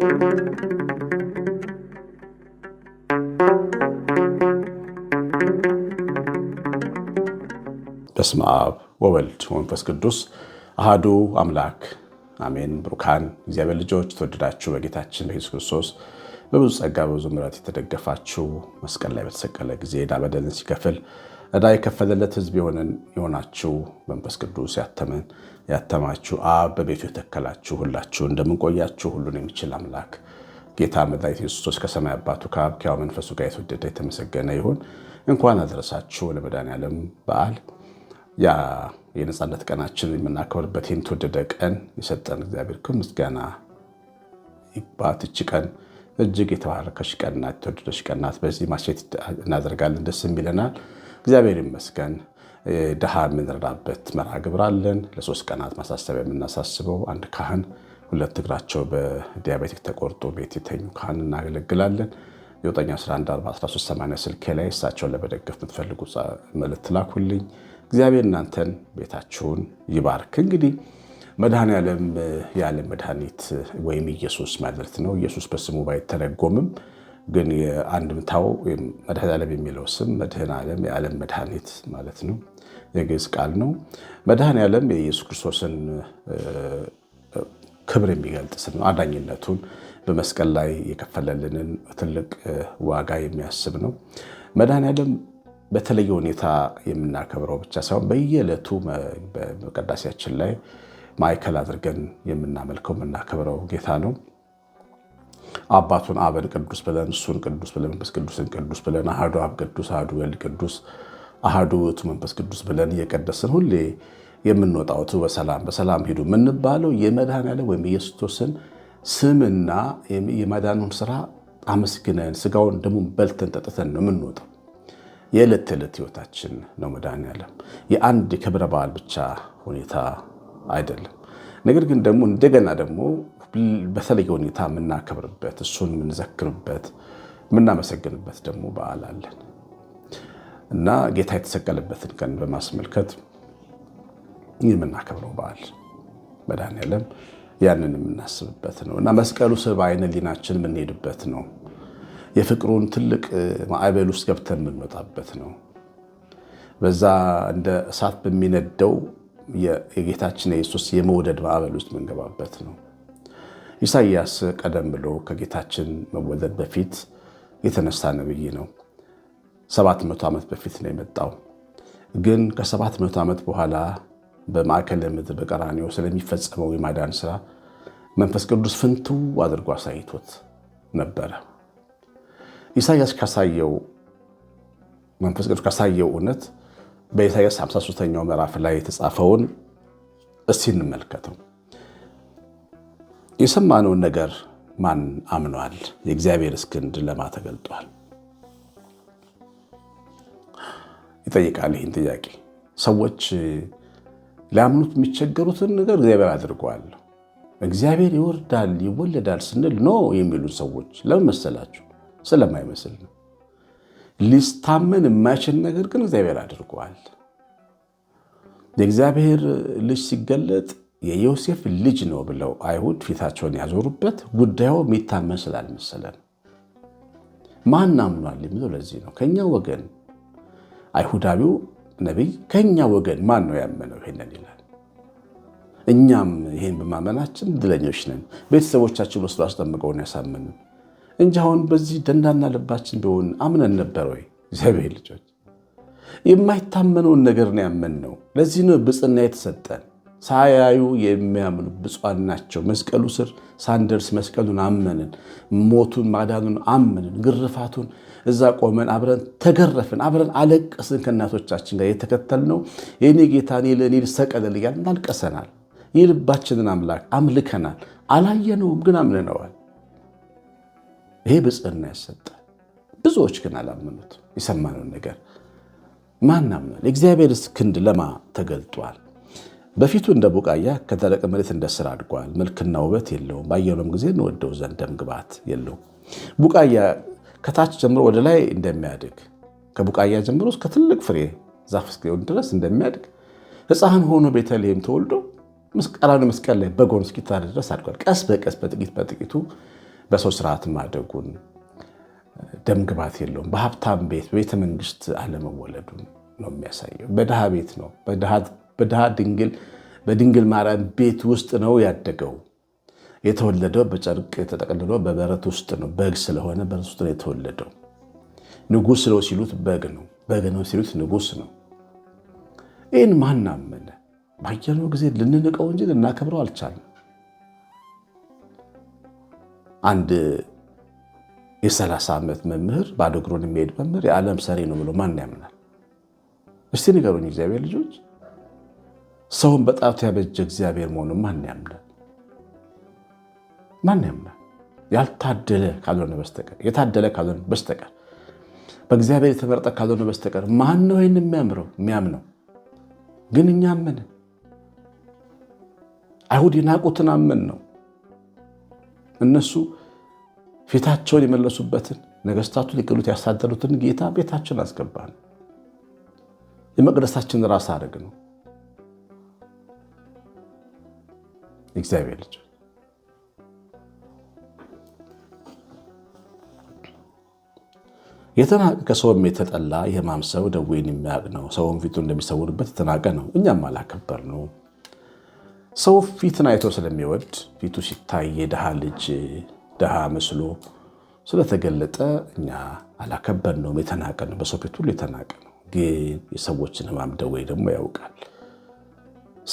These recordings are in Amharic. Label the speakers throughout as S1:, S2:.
S1: በስመ አብ ወወልድ ወመንፈስ ቅዱስ አሃዱ አምላክ አሜን። ብሩካን እግዚአብሔር ልጆች ተወደዳችሁ በጌታችን በኢየሱስ ክርስቶስ በብዙ ጸጋ በብዙ ምሕረት የተደገፋችሁ መስቀል ላይ በተሰቀለ ጊዜ ዕዳ በደልን ሲከፍል ዕዳ የከፈለለት ህዝብ የሆነን የሆናችሁ መንፈስ ቅዱስ ያተመን ያተማችሁ አብ በቤቱ የተከላችሁ ሁላችሁ እንደምንቆያችሁ ሁሉን የሚችል አምላክ ጌታ መድኃኒት ኢየሱስ ክርስቶስ ከሰማይ አባቱ ከአብ ከሕያው መንፈሱ ጋር የተወደደ የተመሰገነ ይሁን። እንኳን አደረሳችሁ ለመድኃኔዓለም በዓል ያ የነፃነት ቀናችን የምናከብርበት ይህን ተወደደ ቀን የሰጠን እግዚአብሔር ክብር ምስጋና ይግባት። እች ቀን እጅግ የተባረከች ቀን ናት፣ የተወደደች ቀን በዚህ ማስት እናደርጋለን፣ ደስ የሚለናል። እግዚአብሔር ይመስገን ድሃ የምንረዳበት መርሃ ግብር አለን። ለሶስት ቀናት ማሳሰቢያ የምናሳስበው አንድ ካህን ሁለት እግራቸው በዲያቤቲክ ተቆርጦ ቤት የተኙ ካህን እናገለግላለን። የ91143 ስልኬ ላይ እሳቸውን ለመደገፍ የምትፈልጉ መልእክት ላኩልኝ። እግዚአብሔር እናንተን ቤታችሁን ይባርክ። እንግዲህ መድኃኔ ዓለም ያለ መድኃኒት ወይም ኢየሱስ ማለት ነው። ኢየሱስ በስሙ ባይተረጎምም ግን የአንድምታው መድኃኔዓለም የሚለው ስም መድህን ዓለም የዓለም መድኃኒት ማለት ነው። የግዕዝ ቃል ነው። መድኃኔዓለም የኢየሱስ ክርስቶስን ክብር የሚገልጥ ስም ነው። አዳኝነቱን በመስቀል ላይ የከፈለልንን ትልቅ ዋጋ የሚያስብ ነው። መድኃኔዓለም በተለየ ሁኔታ የምናከብረው ብቻ ሳይሆን በየዕለቱ በቅዳሴያችን ላይ ማዕከል አድርገን የምናመልከው የምናከብረው ጌታ ነው። አባቱን አብን ቅዱስ ብለን እሱን ቅዱስ ብለን መንፈስ ቅዱስን ቅዱስ ብለን አህዱ አብ ቅዱስ አህዱ ወልድ ቅዱስ አህዱ ውእቱ መንፈስ ቅዱስ ብለን እየቀደስን ሁሌ የምንወጣውት በሰላም በሰላም ሂዱ የምንባለው የመድኃኔዓለም ወይም ኢየሱስ ክርስቶስን ስምና የማዳኑን ስራ አመስግነን ስጋውን ደሙን በልተን ጠጥተን ነው የምንወጣው። የዕለት ተዕለት ህይወታችን ነው መድኃኔዓለም። የአንድ ክብረ በዓል ብቻ ሁኔታ አይደለም። ነገር ግን ደግሞ እንደገና ደግሞ በተለየ ሁኔታ የምናከብርበት እሱን የምንዘክርበት የምናመሰግንበት ደግሞ በዓል አለን እና ጌታ የተሰቀለበትን ቀን በማስመልከት የምናከብረው በዓል መድኃኔዓለም ያንን የምናስብበት ነው እና መስቀሉ ስብ አይነ ሊናችን የምንሄድበት ነው። የፍቅሩን ትልቅ ማዕበል ውስጥ ገብተን የምንወጣበት ነው። በዛ እንደ እሳት በሚነደው የጌታችን የኢየሱስ የመውደድ ማዕበል ውስጥ የምንገባበት ነው። ኢሳይያስ ቀደም ብሎ ከጌታችን መወለድ በፊት የተነሳ ነብይ ነው። ሰባት መቶ ዓመት በፊት ነው የመጣው። ግን ከሰባት መቶ ዓመት በኋላ በማዕከለ ምድር በቀራኒዮ ስለሚፈጸመው የማዳን ስራ መንፈስ ቅዱስ ፍንቱ አድርጎ አሳይቶት ነበረ። ኢሳያስ ካሳየው መንፈስ ቅዱስ ካሳየው እውነት በኢሳይያስ 53ኛው ምዕራፍ ላይ የተጻፈውን እስቲ እንመልከተው። የሰማነውን ነገር ማን አምኗል? የእግዚአብሔርስ ክንድ ለማ ተገልጧል? ይጠይቃል። ይህን ጥያቄ ሰዎች ሊያምኑት የሚቸገሩትን ነገር እግዚአብሔር አድርገዋል። እግዚአብሔር ይወርዳል ይወለዳል ስንል ኖ የሚሉ ሰዎች ለምን መሰላችሁ? ስለማይመስል ነው። ሊስታመን የማይችል ነገር ግን እግዚአብሔር አድርጓል። የእግዚአብሔር ልጅ ሲገለጥ የዮሴፍ ልጅ ነው ብለው አይሁድ ፊታቸውን ያዞሩበት ጉዳዩ የሚታመን ስላልመሰለን ማን አምኗል የሚለው ለዚህ ነው። ከኛ ወገን አይሁዳዊው ነቢይ ከኛ ወገን ማን ነው ያመነው ይሄንን ይላል። እኛም ይህን በማመናችን ድለኞች ነን። ቤተሰቦቻችን ወስዶ አስጠምቀውን ያሳምንም እንጂ አሁን በዚህ ደንዳና ልባችን ቢሆን አምነን ነበር ወይ? እግዚአብሔር ልጆች የማይታመነውን ነገር ነው ያመንነው። ለዚህ ነው ብፅና የተሰጠን። ሳያዩ የሚያምኑ ብፁዓን ናቸው። መስቀሉ ስር ሳንደርስ መስቀሉን አመንን፣ ሞቱን ማዳኑን አመንን፣ ግርፋቱን እዛ ቆመን አብረን ተገረፍን፣ አብረን አለቀስን። ከእናቶቻችን ጋር የተከተልነው የኔ ጌታ እኔ ለእኔ ልሰቀልል እያልን አልቀሰናል። የልባችንን አምላክ አምልከናል። አላየነውም ግን አምንነዋል። ይሄ ብጽዕና ያሰጠ። ብዙዎች ግን አላመኑት። የሰማነውን ነገር ማን አምናል? የእግዚአብሔርስ ክንድ ለማ ተገልጧል። በፊቱ እንደ ቡቃያ ከደረቀ መሬት እንደ ስር አድጓል። መልክና ውበት የለውም፣ ባየነውም ጊዜ እንወደው ዘንድ ደም ግባት የለውም። ቡቃያ ከታች ጀምሮ ወደ ላይ እንደሚያድግ ከቡቃያ ጀምሮ እስከ ትልቅ ፍሬ ዛፍ እስኪሆን ድረስ እንደሚያድግ ሕፃን ሆኖ ቤተልሔም ተወልዶ ቀራንዮ መስቀል ላይ በጎን እስኪታረድ ድረስ አድጓል። ቀስ በቀስ በጥቂት በጥቂቱ በሰው ስርዓት ማደጉን፣ ደም ግባት የለውም፣ በሀብታም ቤት ቤተ መንግስት አለመወለዱን ነው የሚያሳየው። በድሃ ቤት ነው በድሃ ድንግል በድንግል ማርያም ቤት ውስጥ ነው ያደገው። የተወለደው በጨርቅ ተጠቅልሎ በበረት ውስጥ ነው። በግ ስለሆነ በረት ውስጥ ነው የተወለደው። ንጉስ ነው ሲሉት በግ ነው፣ በግ ነው ሲሉት ንጉስ ነው። ይህን ማን አመነ? ባየነው ጊዜ ልንንቀው እንጂ ልናከብረው አልቻልም። አንድ የሰላሳ ዓመት መምህር ባዶ እግሩን የሚሄድ መምህር የዓለም ሰሪ ነው ብሎ ማን ያምናል? እስቲ ንገሩኝ። እግዚአብሔር ልጆች ሰውን በጣቱ ያበጀ እግዚአብሔር መሆኑ ማን ያምናል? ማን ያምናል? ያልታደለ ካልሆነ በስተቀር የታደለ ካልሆነ በስተቀር በእግዚአብሔር የተመረጠ ካልሆነ በስተቀር ማን ነው ይህን የሚያምረው የሚያምነው? ግን እኛ አመንን። አይሁድ የናቁትን አመን ነው እነሱ ፊታቸውን የመለሱበትን ነገስታቱን ሊገሉት ያሳደሩትን ጌታ ቤታችን አስገባን። የመቅደሳችን ራስ አድርግ ነው እግዚአብሔር ልጅ። የተናቀ ከሰውም የተጠላ የሕማም ሰው ደዌን የሚያውቅ ነው። ሰውን ፊቱ እንደሚሰውርበት የተናቀ ነው። እኛም አላከበር ነው። ሰው ፊትን አይቶ ስለሚወድ ፊቱ ሲታይ የድሃ ልጅ ድሃ መስሎ ስለተገለጠ እኛ አላከበርነውም። የተናቀ ነው፣ በሰው ፊት ሁሉ የተናቀ ነው። ግን የሰዎችን ሕማም ደዌ ደግሞ ያውቃል።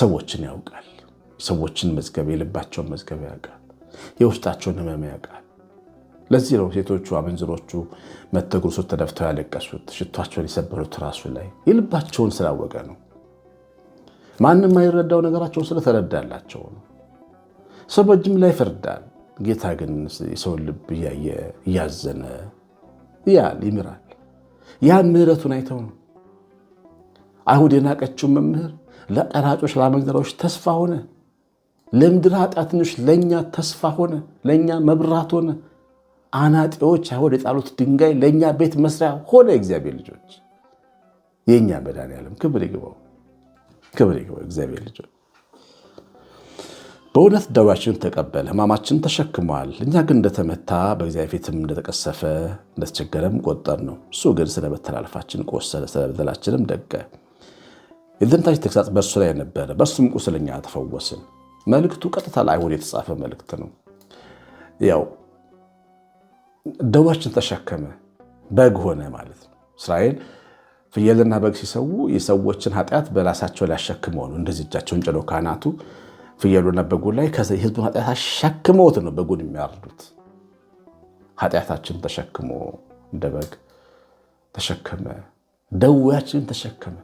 S1: ሰዎችን ያውቃል። ሰዎችን መዝገብ፣ የልባቸውን መዝገብ ያውቃል። የውስጣቸውን ሕመም ያውቃል። ለዚህ ነው ሴቶቹ አመንዝሮቹ መተው ተደፍተው ያለቀሱት፣ ሽቷቸውን የሰበሩት ራሱ ላይ የልባቸውን ስላወቀ ነው። ማንም የማይረዳው ነገራቸውን ስለተረዳላቸው ነው። ሰው በእጅም ላይ ፈርዳል ጌታ ግን የሰውን ልብ እያየ እያዘነ ያል ይምራል። ያን ምህረቱን አይተው ነው አይሁድ የናቀችው መምህር ለቀራጮች ለአመንዝራዎች ተስፋ ሆነ። ለምድር ኃጢአተኞች ለእኛ ተስፋ ሆነ፣ ለእኛ መብራት ሆነ። አናጢዎች አይሁድ የጣሉት ድንጋይ ለእኛ ቤት መስሪያ ሆነ። እግዚአብሔር ልጆች የእኛ መድኃኔዓለም ክብር ይግባው። ክብር ይግባው እግዚአብሔር ልጅ በእውነት ደዌያችንን ተቀበለ፣ ሕማማችን ተሸክሟል። እኛ ግን እንደተመታ በእግዚአብሔር ፊትም እንደተቀሰፈ እንደተቸገረም ቆጠር ነው። እሱ ግን ስለ መተላለፋችን ቆሰለ፣ ስለ በደላችንም ደቀ። የድኅነታችን ተግሣጽ በእርሱ ላይ ነበረ፣ በእርሱም ቁስለኛ ተፈወስን። መልእክቱ ቀጥታ ለአይሁድ የተጻፈ መልእክት ነው። ያው ደዌያችን ተሸከመ በግ ሆነ ማለት ነው። እስራኤል ፍየልና በግ ሲሰዉ የሰዎችን ኃጢአት በራሳቸው ላይ ነው። እንደዚህ እጃቸውን ጭነው ካህናቱ ፍየሉና በጉ ላይ የህዝቡን ኃጢአት አሸክመውት ነው በጉን የሚያርዱት። ኃጢአታችን ተሸክሞ እንደ በግ ተሸከመ፣ ደዌያችንን ተሸከመ፣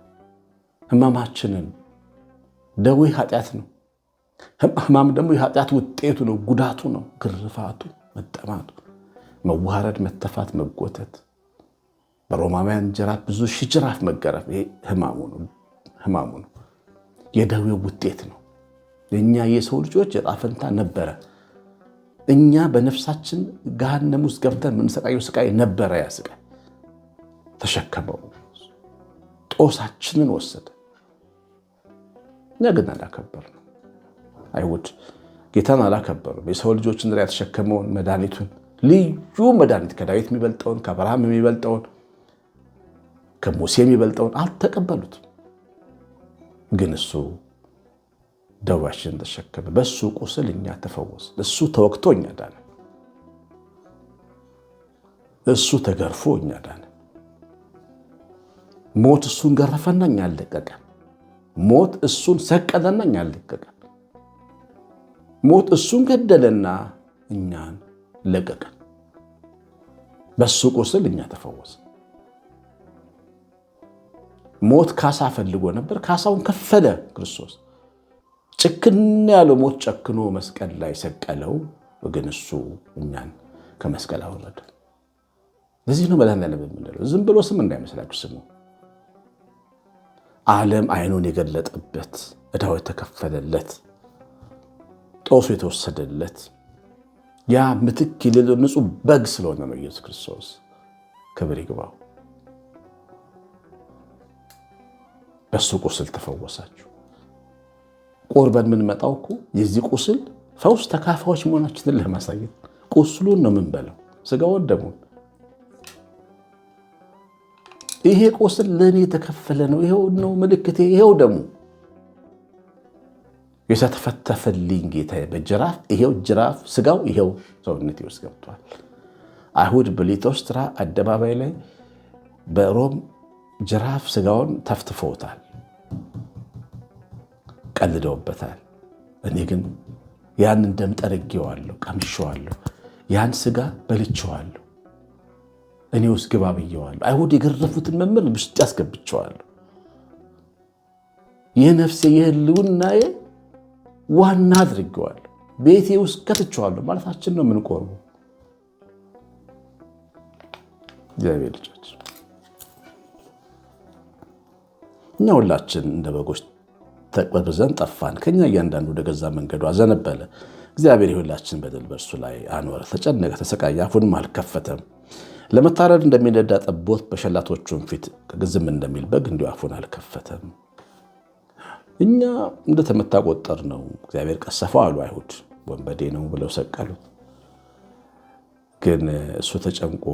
S1: ህመማችንን። ደዌ ኃጢአት ነው። ህማም ደግሞ የኃጢአት ውጤቱ ነው፣ ጉዳቱ ነው፣ ግርፋቱ፣ መጠማቱ፣ መዋረድ፣ መተፋት፣ መጎተት በሮማውያን ጅራፍ ብዙ ሺህ ጅራፍ መገረፍ ህማሙ ነው፣ የደዌው ውጤት ነው። እኛ የሰው ልጆች ዕጣ ፈንታ ነበረ። እኛ በነፍሳችን ገሃነም ውስጥ ገብተን የምንሰቃየው ስቃይ ነበረ። ያ ስቃይ ተሸከመው፣ ጦሳችንን ወሰደ። እኛ ግን አላከበርነው። አይሁድ ጌታን አላከበሩም። የሰው ልጆችን ላይ የተሸከመውን መድኃኒቱን ልዩ መድኃኒት ከዳዊት የሚበልጠውን ከአብርሃም የሚበልጠውን ከሙሴ የሚበልጠውን አልተቀበሉት። ግን እሱ ደዌያችንን ተሸከመ፣ በእሱ ቁስል እኛ ተፈወስ፣ እሱ ተወግቶ እኛ ዳነ፣ እሱ ተገርፎ እኛ ዳነ። ሞት እሱን ገረፈና እኛ አለቀቀን። ሞት እሱን ሰቀለና እኛ አለቀቀን። ሞት እሱን ገደለና እኛን ለቀቀን። በሱ ቁስል እኛ ተፈወስን። ሞት ካሳ ፈልጎ ነበር። ካሳውን ከፈለ ክርስቶስ። ጭክን ያለው ሞት ጨክኖ መስቀል ላይ ሰቀለው። ወገን እሱ እኛን ከመስቀል አወረደ። ለዚህ ነው መድኃኒዓለም የምንለው። ዝም ብሎ ስም እንዳይመስላችሁ ስሙ ዓለም አይኑን የገለጠበት ዕዳው የተከፈለለት ጦሱ የተወሰደለት ያ ምትክ የሌለው ንጹሕ በግ ስለሆነ ነው ኢየሱስ ክርስቶስ። ክብር ይግባው። በሱ ቁስል ተፈወሳችሁ። ቁርበን የምንመጣው እኮ የዚህ ቁስል ፈውስ ተካፋዎች መሆናችንን ለማሳየት ቁስሉን ነው የምንበላው፣ ስጋውን ደሙን። ይሄ ቁስል ለእኔ የተከፈለ ነው፣ ይኸው ነው ምልክቴ፣ ይሄው ደሙ የተተፈተፈልኝ ጌታ በጅራፍ ይሄው ጅራፍ ስጋው ይሄው ሰውነቴ ውስጥ ገብቷል። አይሁድ በሊቶስትራ አደባባይ ላይ በሮም ጅራፍ ስጋውን ተፍትፎታል፣ ቀልደውበታል። እኔ ግን ያን እንደም ጠርጌዋለሁ፣ ቀምሼዋለሁ፣ ያን ስጋ በልቼዋለሁ፣ እኔ ውስጥ ግባ ብዬዋለሁ። አይሁድ የገረፉትን መምህር ውስጥ ያስገብቸዋለሁ። ይህ ነፍሴ የህልውናዬ ዋና አድርጌዋለሁ፣ ቤቴ ውስጥ ከትቼዋለሁ ማለታችን ነው የምንቆርበው። እግዚአብሔር ልጆች እኛ ሁላችን እንደ በጎች ተቅበዝብዘን ጠፋን፣ ከኛ እያንዳንዱ ወደ ገዛ መንገዱ አዘነበለ። እግዚአብሔር የሁላችን በደል በእርሱ ላይ አኖረ። ተጨነቀ፣ ተሰቃየ፣ አፉንም አልከፈተም። ለመታረድ እንደሚነዳ ጠቦት በሸላቶቹም ፊት ግዝም እንደሚል በግ እንዲሁ አፉን አልከፈተም። እኛ እንደተመታ ቆጠር ነው። እግዚአብሔር ቀሰፈው አሉ አይሁድ። ወንበዴ ነው ብለው ሰቀሉት። ግን እሱ ተጨንቆ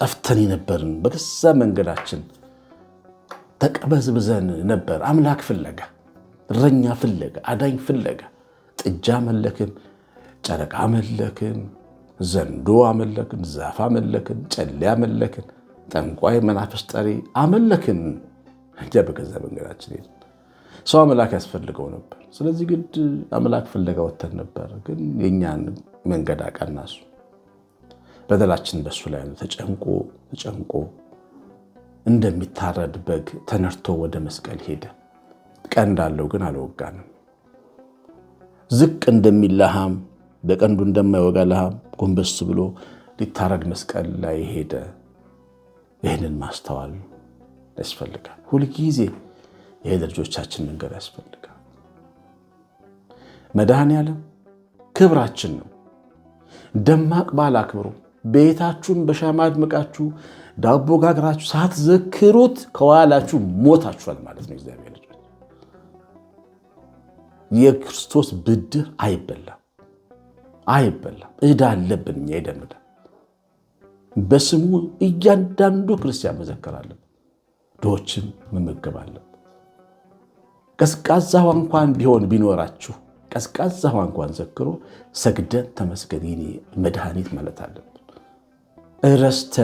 S1: ጠፍተን የነበርን በገዛ መንገዳችን ተቅበዝብዘን ነበር። አምላክ ፍለጋ፣ እረኛ ፍለጋ፣ አዳኝ ፍለጋ። ጥጃ መለክን፣ ጨረቃ መለክን፣ ዘንዶ አመለክን፣ ዛፍ አመለክን፣ ጨሌ አመለክን፣ ጠንቋይ፣ መናፍስ ጠሪ አመለክን። እኛ በገዛ መንገዳችን ሰው አምላክ ያስፈልገው ነበር። ስለዚህ ግድ አምላክ ፍለጋ ወተን ነበር። ግን የእኛን መንገድ አቀናሱ። በደላችን በሱ ላይ ነው። ተጨንቆ ተጨንቆ እንደሚታረድ በግ ተነድቶ ወደ መስቀል ሄደ። ቀንድ አለው ግን አልወጋንም። ዝቅ እንደሚል በቀንዱ እንደማይወጋ ላሃም ጎንበስ ብሎ ሊታረድ መስቀል ላይ ሄደ። ይህንን ማስተዋል ያስፈልጋል። ሁልጊዜ ይሄ ለልጆቻችን መንገድ ያስፈልጋል። መድሃን ዓለም ክብራችን ነው። ደማቅ በዓል አክብሩ። ቤታችሁን በሻማ አድምቃችሁ ዳቦ ጋግራችሁ ሳትዘክሩት ከኋላችሁ ሞታችኋል ማለት ነው። እግዚአብሔር ልጆች የክርስቶስ ብድር አይበላም አይበላም። እዳ አለብን እኛ የደም በስሙ እያንዳንዱ ክርስቲያን መዘከር አለብን። ድሆችን መመገብ አለብን። ቀዝቃዛ እንኳን ቢሆን ቢኖራችሁ ቀዝቃዛ እንኳን ዘክሮ ሰግደን ተመስገን የኔ መድኃኒት ማለት አለብን።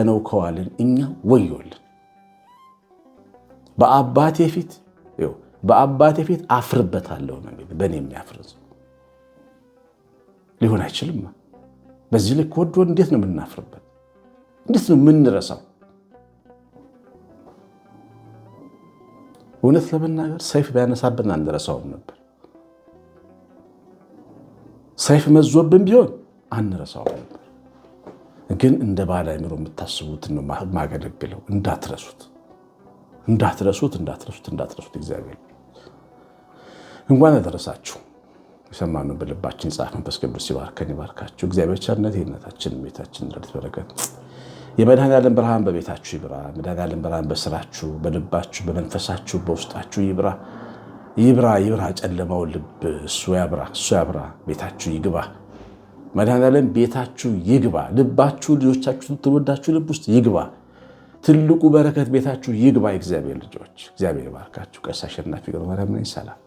S1: ነው ከዋልን እኛ ወዮልን። በአባቴ ፊት በአባቴ ፊት አፍርበታለሁ ነው በእኔ የሚያፍርዝ ሊሆን አይችልም። በዚህ ልክ ወዶ እንዴት ነው የምናፍርበት? እንዴት ነው የምንረሳው? እውነት ለመናገር ሰይፍ ቢያነሳብን አንረሳውም ነበር። ሰይፍ መዞብን ቢሆን አንረሳውም። ግን እንደ ባለ አይምሮ የምታስቡት ነው የማገለግለው። እንዳትረሱት እንዳትረሱት እንዳትረሱት እንዳትረሱት። እግዚአብሔር እንኳን አደረሳችሁ። የሰማነውን በልባችን ይጻፍ። መንፈስ ቅዱስ ሲባርከን ይባርካችሁ። እግዚአብሔር ቸርነት የእምነታችን ቤታችን ረድኤት በረከት የመድኃኔዓለም ብርሃን በቤታችሁ ይብራ። መድኃኔዓለም ብርሃን በስራችሁ፣ በልባችሁ፣ በመንፈሳችሁ፣ በውስጣችሁ ይብራ ይብራ ይብራ። ጨለማው ልብ እሱ ያብራ እሱ ያብራ። ቤታችሁ ይግባ። መድኃኔዓለም ቤታችሁ ይግባ። ልባችሁ ልጆቻችሁን ትወዳችሁ ልብ ውስጥ ይግባ። ትልቁ በረከት ቤታችሁ ይግባ። እግዚአብሔር ልጆች እግዚአብሔር ባርካችሁ። ቀሲስ አሸናፊ ገብረማርያም ነኝ። ሰላም